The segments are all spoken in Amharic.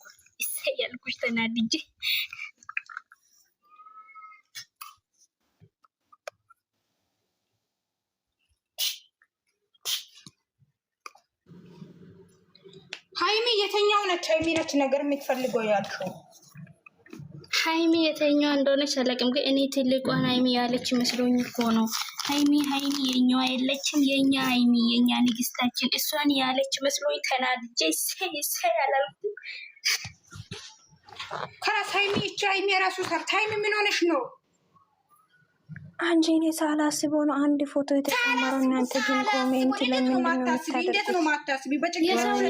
ተናገርኩ። እሰይ ተናድጄ። ሀይሚ የተኛው ነች። ሀይሚ ነች ነገር የምትፈልገው ያልሽው ሀይሚ የተኛው እንደሆነች አላውቅም፣ ግን እኔ ትልቋን ሀይሚ ያለች መስሎኝ እኮ ነው። ሀይሚ ሀይሚ የኛዋ የለችም፣ የኛ ሀይሚ የኛ ንግስታችን እሷን ያለች መስሎኝ ተናድጄ ሰይ ሰይ አላልኩም። ከራስ ሀይሚ እቻ ሀይሚ የራሱ ሰርት ሀይሚ ምን ሆነሽ ነው? አንቺ እኔ ሳላስበው አንድ ፎቶ የተጨመረው። እናንተ ግን ኮሜንት ለምን ነው እንዴት ነው በጭንቅላት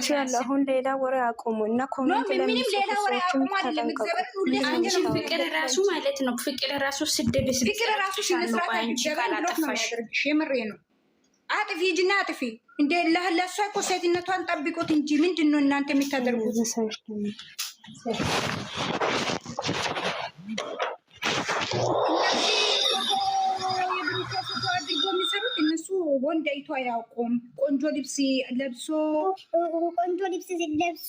እንዴት ነው አሁን ሌላ ወሬ አቁሙ እና ኮሜንት ሌላ ወሬ አቁሙ አንቺ ፍቅር ራሱ ማለት ነው ፍቅር ራሱ ስድብ ስድብ ፍቅር ራሱ ነው ያደርግሽ የምሬ ነው አጥፊ ሂጂና አጥፊ። እንዴ ለእሷ እኮ ሴትነቷን ጠብቁት እንጂ ምንድን ነው እናንተ የምታደርጉት? እነሱ ወንድ አይቶ አያውቁም። ቆንጆ ልብስ ለብሶ ቆንጆ ልብስ ለብሶ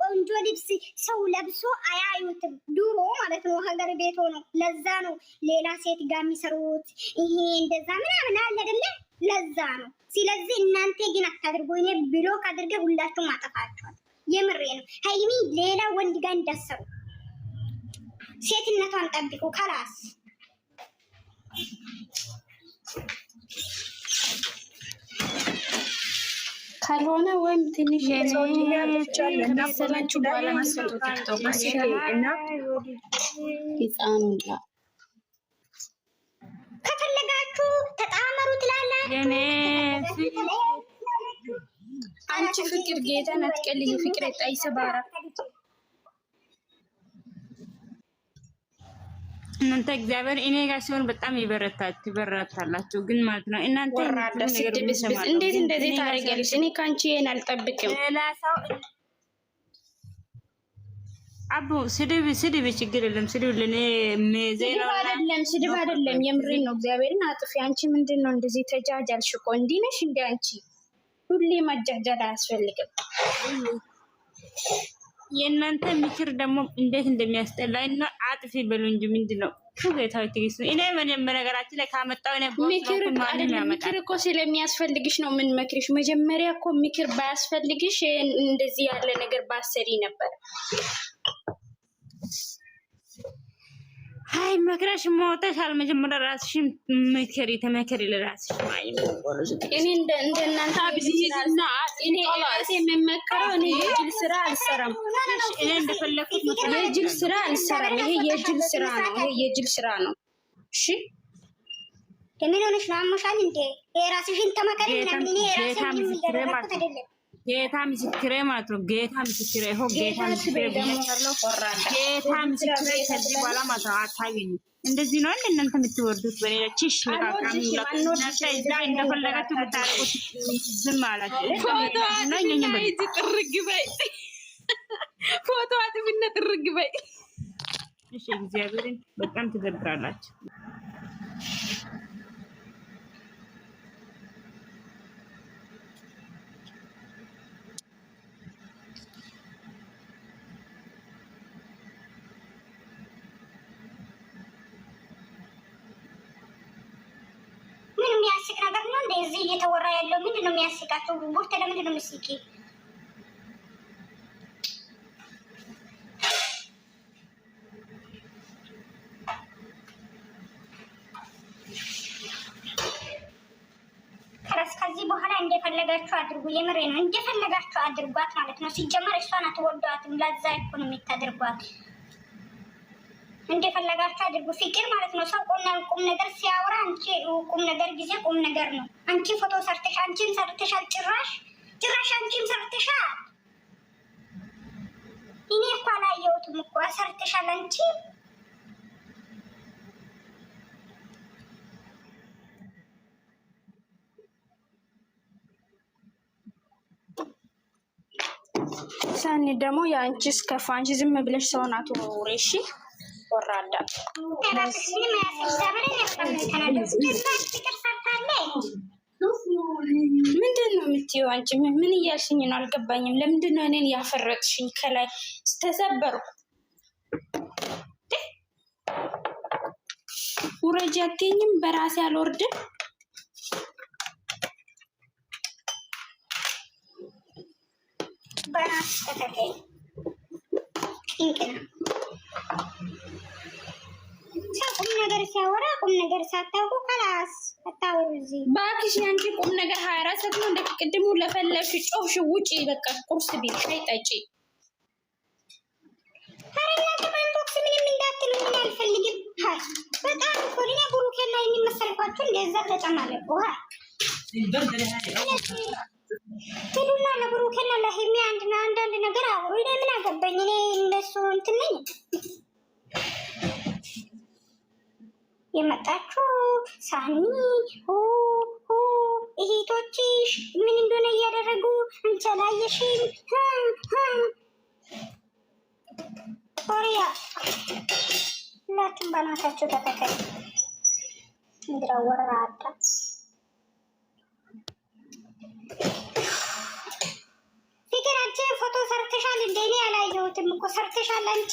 ቆንጆ ልብስ ሰው ለብሶ አያዩትም። ድሮ ማለት ነው ሀገር ቤት ሆኖ ለዛ ነው ሌላ ሴት ጋር የሚሰሩት። ይሄ እንደዛ ምናምን አለ አይደለም ለዛ ነው። ስለዚህ እናንተ ግን አታድርጉ። እኔ ብሎ ካድርገ ሁላችሁም አጠፋችኋል። የምሬ ነው። ሀይሚ ሌላ ወንድ ጋር እንዳሰሩ ሴትነቷን ጠብቁ። ከላስ ካልሆነ ወይም ትንሽ ሰዎች ያለቻለናሰላችሁ ባለመሰጡ ቲክቶክ እና ህፃኑ ላ የኔ አንቺ ፍቅር ጌታን አትቀልይ። ፍቅር የጣይሰ ባራ እናንተ እግዚአብሔር እኔ ጋር ሲሆን በጣም ይበረታች ይበረታላችሁ። ግን ማለት ነው እናንተ እንዴት እንደዚህ ታደርጊያለሽ? እኔ ከአንቺ ይሄን አልጠብቅም። ሌላ ሰው አቦ ስድብ ስድብ ችግር የለም። ስድብ ለኔ ዜና አይደለም፣ ስድብ አይደለም። የምሬን ነው። እግዚአብሔርን አጥፊ። አንቺ ምንድን ነው እንደዚህ ተጃጃል? ሽቆ እንዲህ ነሽ። እንደ አንቺ ሁሌ መጃጃል አያስፈልግም። የእናንተ ምክር ደግሞ እንዴት እንደሚያስጠላኝ ነው። አጥፊ በሉ እንጂ ምንድን ነው ጌታ ትግስት እኔ ምንም ነገራችን ላይ ካመጣው ነ ምክር እኮ ስለሚያስፈልግሽ ነው የምንመክርሽ። መጀመሪያ እኮ ምክር ባያስፈልግሽ እንደዚህ ያለ ነገር ባሰሪ ነበር። አይ መክረሽ መውጣሻል። መጀመሪያ ራስሽን መከሪ፣ ተመከሪ ለራስሽ። እኔ እንደናንተ ቢዝነስና እኔ ራሴ የምመከረው እኔ የጅል ስራ አልሰራም። እኔ እንደፈለኩት የጅል ስራ አልሰራም። ይሄ የጅል ስራ ነው። ይሄ የጅል ስራ ነው። እሺ ከምን ነው? አሞሻል እንዴ? የራስሽን ተመከሪ። እኔ ራሴ ምንም ያደረኩት አይደለም። ጌታ ምስክሬ ማለት ነው። ጌታ ምስክሬ ሆ ጌታ ምስክሬ ጌታ ምስክሬ ከዚህ በኋላ ማለት ነው አታገኙ። እንደዚህ ነው እናንተ የምትወርዱት በሌላ ቺሽ ለቃቃሚ ለቁናታ እዛ እንደፈለጋችሁ ብታረቁት ዝም አላችሁ ፎቶ እኛኛ በይ ጥርግ በይ ፎቶ አጥብነ ጥርግ በይ። እሺ እግዚአብሔርን በጣም ትገብራላችሁ። እየተወራ ያለው ምንድን ነው የሚያስቃቸው? ቦርተ ለምንድን ነው የምትስቂ? ከዚህ በኋላ እንደፈለጋችሁ አድርጉ። የምሬ ነው፣ እንደፈለጋችሁ አድርጓት ማለት ነው። ሲጀመር እሷን አትወዷትም። ለዛ እኮ ነው የምታደርጓት። እንደፈለጋችሁ አድርጉ። ፍቅር ማለት ነው። ሰው ቁም ነገር ሲያወራ አንቺ ቁም ነገር ጊዜ ቁም ነገር ነው አንቺ ፎቶ ሰርተሽ አንቺን ሰርተሻል። ጭራሽ ጭራሽ አንቺን ሰርተሻል። እኔ እኮ አላየሁትም እኮ ሰርተሻል አንቺ ሰኒ ደግሞ የአንቺ እስከፋ። አንቺ ዝም ብለሽ ሰውን አትወሪ እሺ። ወራዳ ምንም ሴትዮ አንቺ ምን እያልሽኝ ነው? አልገባኝም። ለምንድን ነው እኔን ያፈረጥሽኝ? ከላይ ተሰበርኩ። ውረጅ አትይኝም? በራሴ አልወርድም። በራስ ተከታይ ቁም ነገር ሲያወራ ቁም ነገር ሳታውቁ ከላስ እባክሽ ያንቺ ቁም ነገር ሀያ አራት ሰዓት ነው። እንደ ቅድሙ ለፈለሽ ጮሽ ውጪ። በቃ ቁርስ ቤት ሻይ ጠጪ። ምንም እንዳትሉኝ አልፈልግም። በጣም ኮሪና ቡሩኬና የሚመሰልኳቸው እንደዛ ተጨማለቁ ትሉና ለቡሩኬና ለሄሜ አንዳንድ ነገር አውሩ። ምን አገባኝ እኔ እነሱ እንትን ነኝ የመጣችው ሳኒ እህቶችሽ ምን እንደሆነ እያደረጉ እንቻላየሽም ጦሪያ ሁላችሁም በናታችሁ ተተከል እንድረወራ አጣ ፍቅር ፎቶ ሰርተሻል እንደኔ እኔ ያላየሁትም እኮ ሰርተሻል አንቺ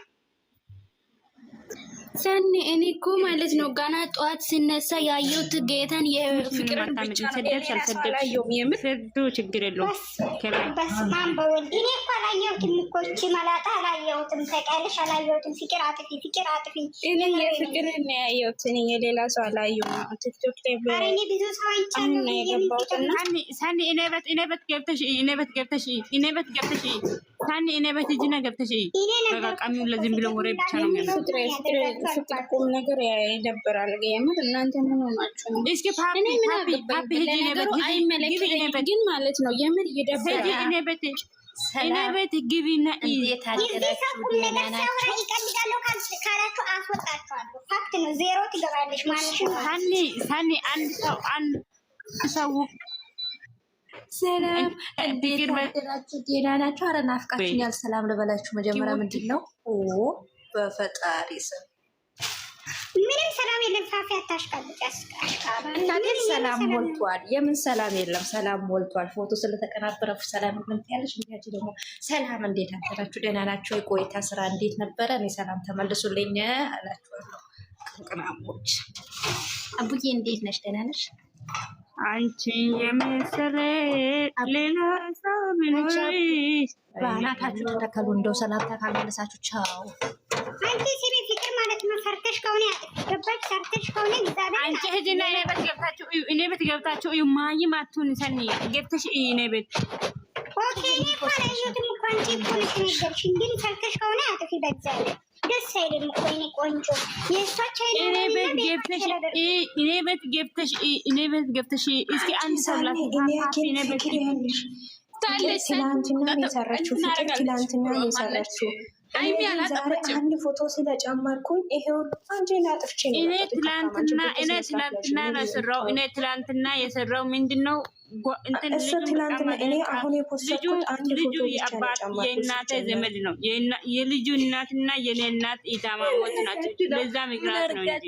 ሰኒ እኔ እኮ ማለት ነው ገና ጠዋት ስነሳ ያየሁት ጌታን የፍቅርን ችግር የለውም። በስመ አብ በወልድ እኔ እኮ አላየሁትም እኮ ይህቺ መላጣ አላየሁትም። ተቀልሽ አላየሁትም። ፍቅር አጥፊ፣ ፍቅር አጥፊ። እኔ የፍቅር ነው እኔ የሌላ ሰው አላየሁም። ቲክቶክ ላይ እኔ ብዙ ሰው አይቻለሁ። ሰኒ እኔ ቤት ገብተሽ እኔ ቤት ገብተሽ እኔ ቤት ገብተሽ ሳኒ እኔ ቤት እጅ ነገር ተሽ በቃ ለዚህም ብሎ ወሬ ብቻ ነው ነገር ይደብራል። እናንተ ምን ሆናችሁ እስኪ ፓፒ ፓፒ እኔ ቤት ግን ማለት ነው ይደብራል። እኔ ቤት እኔ ቤት አንድ ሰው አንድ ሰው ሰላም፣ እንዴት ናችሁ? ጤና ናችሁ? አረ ናፍቃችሁኛል። ሰላም ልበላችሁ። መጀመሪያ ምንድን ነው? በፈጣሪ ስም ምንም ሰላም የለም። ፋፊ አታሽቃልጭ። ሰላም ሞልቷል። የምን ሰላም የለም? ሰላም ሞልቷል። ፎቶ ስለተቀናበረ ሰላም የለም ትያለሽ። እንዲያችሁ ደግሞ ሰላም፣ እንዴት አደራችሁ? ደህና ናቸው? የቆይታ ስራ እንዴት ነበረ? እኔ ሰላም ተመልሱልኝ አላችኋለሁ። ቅንቅናሞች አቡዬ እንዴት ነሽ? ደህና ነሽ? አንቺን የመሰለ ሌላ ሰው ቢኖር በአናታችሁ ተተከሉ። እንደው ሰላምታ ካልመለሳችሁ ቻው። አንቺ ስሪ ፍቅር ማለት ነው። ሰርተሽ ከሆነ ገባች፣ ሰርተሽ ከሆነ አንቺ ህጅና እኔ ቤት ገብታችሁ እዩ። ማይም አትሁን ሰኒ ገብተሽ እኔ ቤት ኦኬ። እኔ እኮ አላየሁትም እኮ አንቺ እኮ ነሽ የነገርሽ። እንግዲህ ሰርተሽ ከሆነ አጥፊ በዛ ደስ አይልም እኮ የእኔ ቆንጆ። የእሷች እኔ ቤት ገብተሽ እኔ ቤት ገብተሽ እስኪ አንድ ሰው አንድ ፎቶ ስለጨመርኩኝ ይሄው አንጂ ላጥፍቼ እኔ ትላንትና እኔ ትላንትና የሰራው እኔ ትላንትና የሰራው ምንድን ነው እሱ ትናንትና እኔ አሁን የፖስተኩት አንድ ፎቶ ብቻ ነው የእናት ዘመድ ነው የልጁ እናትና የኔ እናት ኢታማሞች ናቸው። ለዛ ምክንያት ነው እንጂ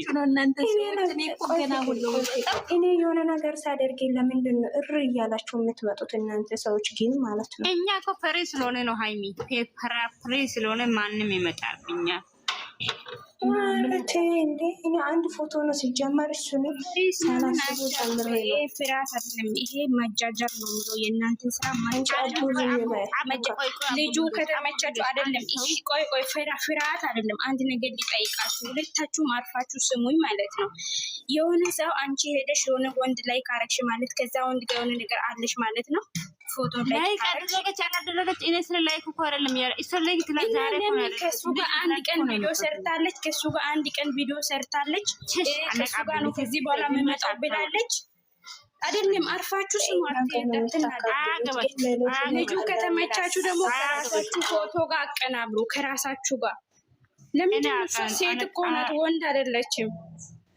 እኔ የሆነ ነገር ሳደርግ ለምንድን ነው እር እያላችሁ የምትመጡት እናንተ ሰዎች ግን ማለት ነው። እኛ ኮ ፍሬ ስለሆነ ነው ሀይሚ ፍሬ ስለሆነ ማንም ይመጣብኛል። አንድ ፎቶ ነው ሲጀመር፣ እሱንም ሳላስበው አይደለም ይሄ መጃጃር ነው የምለው። የእናንተ ስራ ማጫጀር ልጁ ከተመቻችሁ አይደለም። እሺ ቆይ ቆይ፣ ፍርሃት አይደለም። አንድ ነገር ሊጠይቃችሁ፣ ሁለታችሁ ማርፋችሁ ስሙኝ ማለት ነው። የሆነ ሰው አንቺ ሄደሽ የሆነ ወንድ ላይ ካረግሽ ማለት ከዛ ወንድ ጋር የሆነ ነገር አለሽ ማለት ነው ፎቶ ላይክ አደረገች አላደረገች፣ እኔ ስለ ላይክ እኮ አይደለም እሱ ላይክ ከሱ ጋር አንድ ቀን ቪዲዮ ሰርታለች። ከሱ ጋር አንድ ቀን ቪዲዮ ሰርታለች። ከሱ ጋር ነው ከዚህ በኋላ የምመጣው ብላለች። አይደለም አርፋችሁ ልጁ ከተመቻችሁ ደግሞ ከራሳችሁ ፎቶ ጋር አቀናብሩ። ከራሳችሁ ጋር ለምንድን ሴት እኮ ናት፣ ወንድ አይደለችም።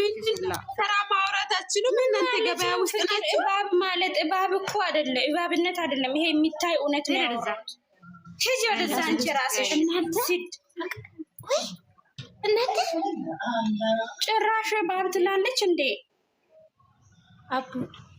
ምንድነው ተራ ማውራታችንም እናንተ ገበያ ውስጥ ናችሁ። እባብ ማለት እባብ እኮ አይደለም፣ እባብነት አይደለም። ይሄ የሚታይ እውነት ነው። ሂጂ ወደዛ አንቺ ራስሽ እናንተ እናንተ ጭራሽ እባብ ትላለች እንዴ አቡ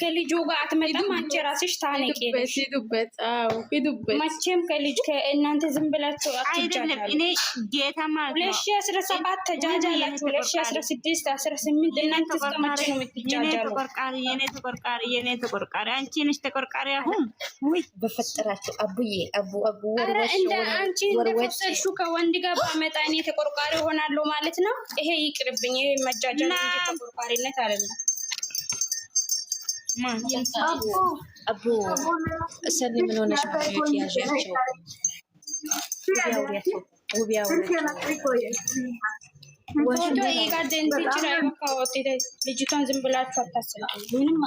ከልጁ ጋር አትመጣም። አንቺ ራስሽ ታነቂ። መቼም ከልጅ ከእናንተ ዝም ብላችሁ እኔ ጌታ ማለት ሁለት ሺህ አስራ ሰባት ተጃጃላችሁ፣ ሁለት ሺህ አስራ ስድስት አስራ ስምንት እናንተ እስከ መቼ ነው የምትጃጃሉ? ተቆርቋሪ የኔ ተቆርቋሪ የኔ ተቆርቋሪ አንቺ ነሽ ተቆርቋሪ። አሁን ውይ በፈጠራችሁ አቡዬ አቡ አቡ ወርወሽ እንደ አንቺ እንደፈጠርሹ ከወንድ ጋር ባመጣ እኔ ተቆርቋሪ ሆናለሁ ማለት ነው። ይሄ ይቅርብኝ። ይሄ መጃጃል እንጂ ተቆርቋሪነት አይደለም። አቦ እሰኒ ምን ሆነሽ? ያዣቸው ልጅቷን ዝም ብላችሁ አታስልጡ። ምንም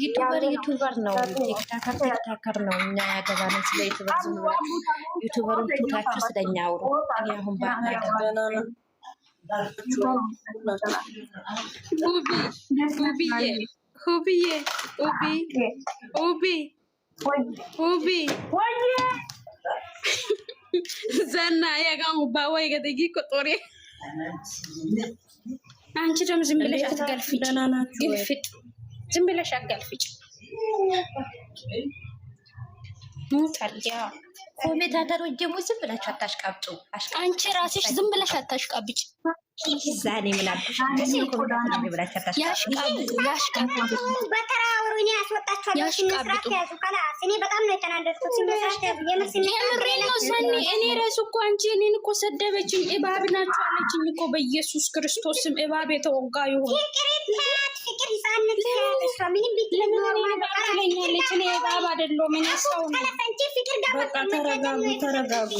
ዩቱበር ዩቱበር ነው፣ ቲክታከር ቲክታከር ነው። እኛ ያገባነ ስለ ዩቱበር ዝም ብለ ዩቱበሩን ቱታችሁ ስለኛ አውሩ። እኔ አሁን ሁብዬ ዘና የጋሙባ ወይ ገደጊ ቆጦሬ አንቺ ደግሞ ዝም ብለሽ አትጋልፍጭ፣ ግልፍጭ፣ ዝም ብለሽ አትገልፍጭ። ታዲያ ኮሜንታተሮች ደግሞ ዝም ብላችሁ አታሽቃብጡ። አንቺ ራስሽ ዝም ብለሽ አታሽቃብጭ። ዛኔ በተራ ወሮኔ ያስወጣችኋል። እኔ በጣም ነው ራሱ እኮ አንቺ እኔን እኮ ሰደበችኝ። እባብ ናችሁ አለችኝ እኮ በኢየሱስ ክርስቶስም እባብ የተወጋ ይሆን ተረጋጉ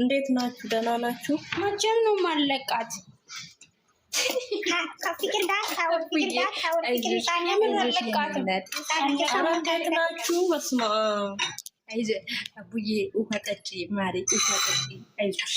እንዴት ናችሁ? ደህና ናችሁ? መቼም ነው ማለቃት ናችሁ? በስመ አብ አቡዬ፣ ውሃ ጠጪ ማሪ፣ ውሃ ጠጪ አይዞሽ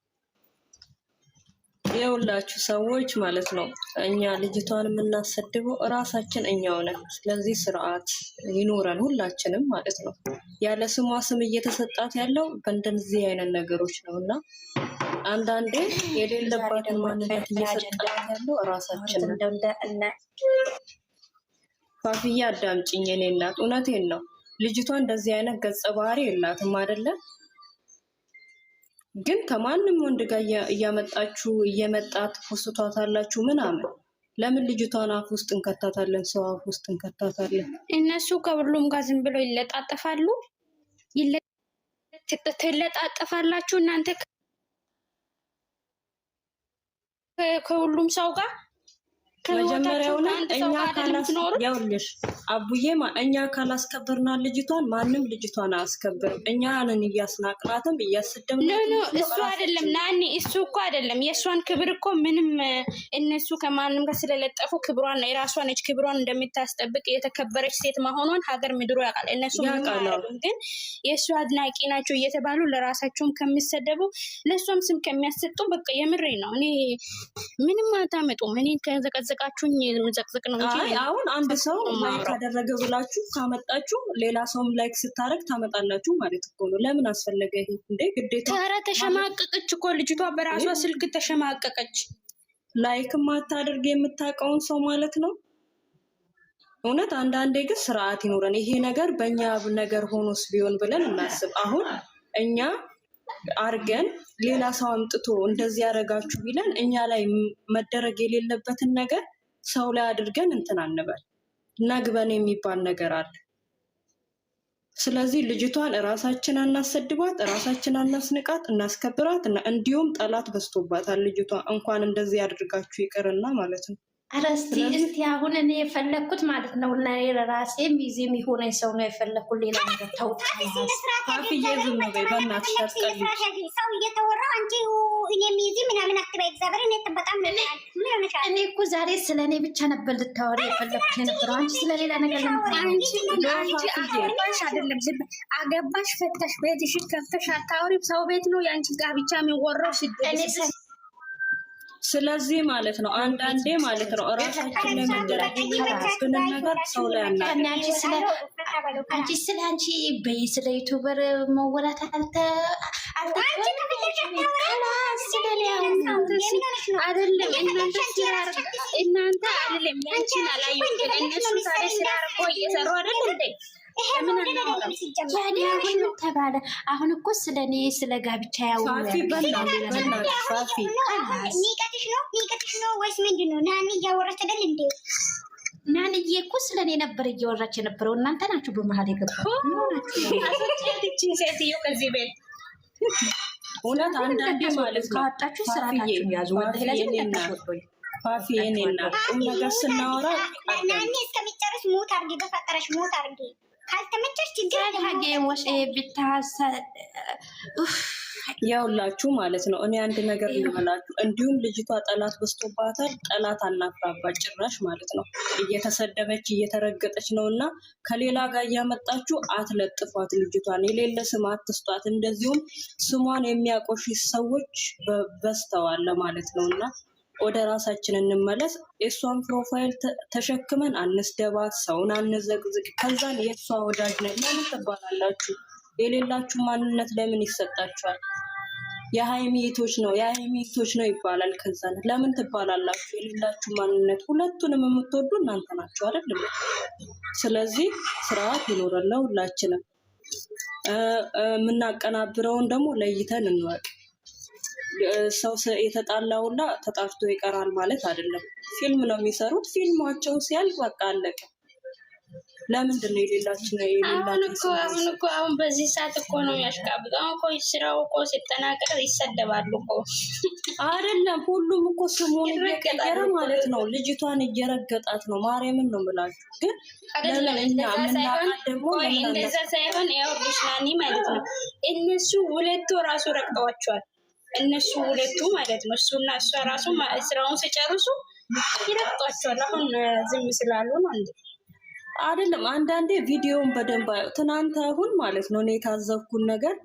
የሁላችሁ ሰዎች ማለት ነው። እኛ ልጅቷን የምናሰድበው እራሳችን እኛው ነን። ስለዚህ ስርዓት ይኖረን ሁላችንም ማለት ነው። ያለ ስሟ ስም እየተሰጣት ያለው በእንደዚህ አይነት ነገሮች ነው እና አንዳንዴ የሌለባትን ማንነት እየሰጣት ያለው እራሳችን ነን። ፋፍያ አዳምጭኝ፣ የኔ እናት እውነቴን ነው። ልጅቷ እንደዚህ አይነት ገጸ ባህሪ የላትም አይደለም ግን ከማንም ወንድ ጋር እያመጣችሁ እየመጣት ፖስቷታላችሁ ምናምን ለምን ልጅቷን አፍ ውስጥ እንከታታለን? ሰው አፍ ውስጥ እንከታታለን። እነሱ ከሁሉም ጋር ዝም ብለው ይለጣጠፋሉ። ትለጣጠፋላችሁ እናንተ ከሁሉም ሰው ጋር ከመጀመሪያውን እኛ አቡዬ እኛ ካላስከበርና ልጅቷን ማንም ልጅቷን አያስከብርም። እኛንን እያስናቅናትም እያስደም እሱ አይደለም ናኒ፣ እሱ እኮ አይደለም። የእሷን ክብር እኮ ምንም እነሱ ከማንም ጋር ስለለጠፉ ክብሯን የራሷ ነች። ክብሯን እንደምታስጠብቅ የተከበረች ሴት መሆኗን ሀገር ምድሮ ያውቃል። እነሱ ግን የእሱ አድናቂ ናቸው እየተባሉ ለራሳቸውም ከሚሰደቡ ለእሷም ስም ከሚያሰጡ በቃ የምሬ ነው። እኔ ምንም አታመጡም። እኔ ከዘቀዘ ዘቅዝቃችሁኝ የምዘቅዝቅ ነው እንጂ አሁን አንድ ሰው ላይክ አደረገ ብላችሁ ካመጣችሁ ሌላ ሰውም ላይክ ስታደረግ ታመጣላችሁ ማለት እኮ ነው። ለምን አስፈለገ ይሄ እንዴ? ግዴታ ኧረ ተሸማቀቀች እኮ ልጅቷ በራሷ ስልክ ተሸማቀቀች። ላይክ ማታደርግ የምታውቀውን ሰው ማለት ነው። እውነት አንዳንዴ ግን ስርዓት ይኖረን። ይሄ ነገር በእኛ ነገር ሆኖስ ቢሆን ብለን እናስብ። አሁን እኛ አርገን ሌላ ሰው አምጥቶ እንደዚህ ያደረጋችሁ ቢለን እኛ ላይ መደረግ የሌለበትን ነገር ሰው ላይ አድርገን እንትን አንበል። ነግበን የሚባል ነገር አለ። ስለዚህ ልጅቷን እራሳችን አናሰድባት፣ እራሳችን አናስንቃት፣ እናስከብራት። እንዲሁም ጠላት በዝቶባታል ልጅቷ እንኳን እንደዚህ ያድርጋችሁ ይቅርና ማለት ነው። ኧረ እስቲ እስቲ አሁን እኔ የፈለግኩት ማለት ነው እና ራሴ ሚዜ የሚሆነኝ ሰው ነው የፈለግኩት። ሌላ ነገር ተውት። ሰው እየተወራ አንቺ እኔ ሚዜ ምናምን አትበይ። እግዚአብሔር እኔ በጣም እኔ እኮ ዛሬ ስለ እኔ ብቻ ነበር ልታወሪ የፈለግኩት የነበረው አንቺ ስለ ሌላ ነገር አገባሽ ፈተሽ ቤትሽን ከፍተሽ አታወሪም። ሰው ቤት ነው የአንቺ ጋር ብቻ የሚወራው ስድ ስለዚህ ማለት ነው አንዳንዴ ማለት ነው እራሳችን ላይ ነገር ሰው ላይ አንቺ ስለ አንቺ በይ ስለ ዩቱበር መወራት አልተ እናንተ አይደለም ያንቺን እነሱ እየሰሩ ተባለ። አሁን እኮ ስለ እኔ ስለ ጋብቻ ያወራል። ነው ወይስ ምንድን ነው? ናኒ እያወራች አይደል እንዴ? ናንዬ እኮ ስለ እኔ ነበር እያወራች የነበረው። እናንተ ናችሁ በመሀል የገባችሁት። ሴትዮ ከዚህ ቤት እውነት አንዳንዴ ማለት ነው ካጣችሁ ስርዓታችሁ ያዙ። ፋፊ የኔና ቁም ነገር ስናወራ ናኒ እስከሚጨርስ ሞት አርጌ በፈጠረሽ ሞት አርጌ ካልተመቸሽ ችግር ያውላችሁ ማለት ነው። እኔ አንድ ነገር ይሆናችሁ። እንዲሁም ልጅቷ ጠላት በዝቶባታል። ጠላት አናፍራባት ጭራሽ ማለት ነው። እየተሰደበች እየተረገጠች ነው እና ከሌላ ጋር እያመጣችሁ አትለጥፏት። ልጅቷን የሌለ ስም አትስጧት። እንደዚሁም ስሟን የሚያቆሽ ሰዎች በዝተዋል ማለት ነው እና ወደ ራሳችን እንመለስ። የእሷን ፕሮፋይል ተሸክመን አንስደባት፣ ሰውን አንዘግዝቅ። ከዛን የእሷ ወዳጅ ነን ለምን ትባላላችሁ? የሌላችሁ ማንነት ለምን ይሰጣችኋል? የሃይሚቶች ነው የሃይሚቶች ነው ይባላል። ከዛ ለምን ትባላላችሁ? የሌላችሁ ማንነት። ሁለቱንም የምትወዱ እናንተ ናችሁ አይደለም? ስለዚህ ስርዓት ይኖረን ለሁላችንም። የምናቀናብረውን ደግሞ ለይተን እንወቅ። ሰው የተጣላውና ተጣርቶ ይቀራል ማለት አይደለም። ፊልም ነው የሚሰሩት። ፊልማቸው ሲያልቅ በቃ አለቀ። ለምንድን ነው የሌላችን አሁን እኮ አሁን እኮ አሁን በዚህ ሰዓት እኮ ነው የሚያሽቃብጡ። አሁን እኮ ስራው እኮ ሲጠናቀቅ ይሰደባሉ እኮ አይደለም። ሁሉም እኮ ስሙን እየቀየረ ማለት ነው። ልጅቷን እየረገጣት ነው። ማርያምን ነው የምላችሁ። ግን እንደዛ ሳይሆን ያው ሽናኒ ማለት ነው እነሱ ሁለቱ ራሱ ረግጠዋቸዋል። እነሱ ሁለቱ ማለት ነው። እሱና እሷ ራሱ ስራውን ሲጨርሱ ይረግጧቸዋል። አሁን ዝም ስላሉ ነው እንዴ? አይደለም። አንዳንዴ ቪዲዮውን በደንብ ትናንት አሁን ማለት ነው እኔ የታዘብኩን ነገር